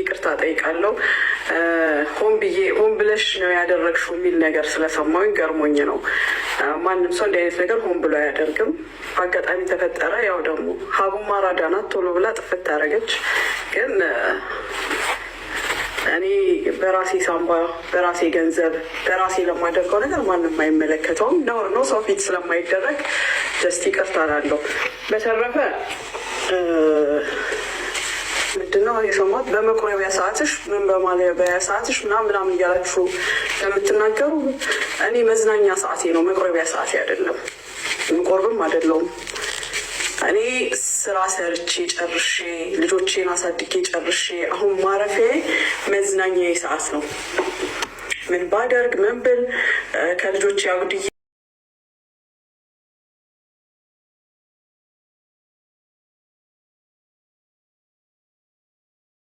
ይቅርታ ጠይቃለሁ። ሆን ብዬ ሆን ብለሽ ነው ያደረግሽው የሚል ነገር ስለሰማሁኝ ገርሞኝ ነው። ማንም ሰው እንዲህ አይነት ነገር ሆን ብሎ አያደርግም። በአጋጣሚ ተፈጠረ። ያው ደግሞ ሀቡም አራዳ ናት። ቶሎ ብላ ጥፍት ታደረገች። ግን እኔ በራሴ ሳምባ፣ በራሴ ገንዘብ፣ በራሴ ለማደርገው ነገር ማንም አይመለከተውም። ኖ ሰው ፊት ስለማይደረግ ጀስት ይቅርታ ላለሁ በተረፈ ነው የሾሟት በመቁረቢያ ሰዓትሽ ምን በማለበያ ሰዓትሽ ምናምን ምናምን እያላችሁ ለምትናገሩ እኔ መዝናኛ ሰዓቴ ነው፣ መቁረቢያ ሰዓቴ አይደለም። የምቆርብም አይደለውም። እኔ ስራ ሰርቼ ጨርሼ ልጆቼን አሳድጌ ጨርሼ አሁን ማረፊያዬ መዝናኛ ሰዓት ነው። ምን ባደርግ ምን ብል ከልጆቼ አጉድዬ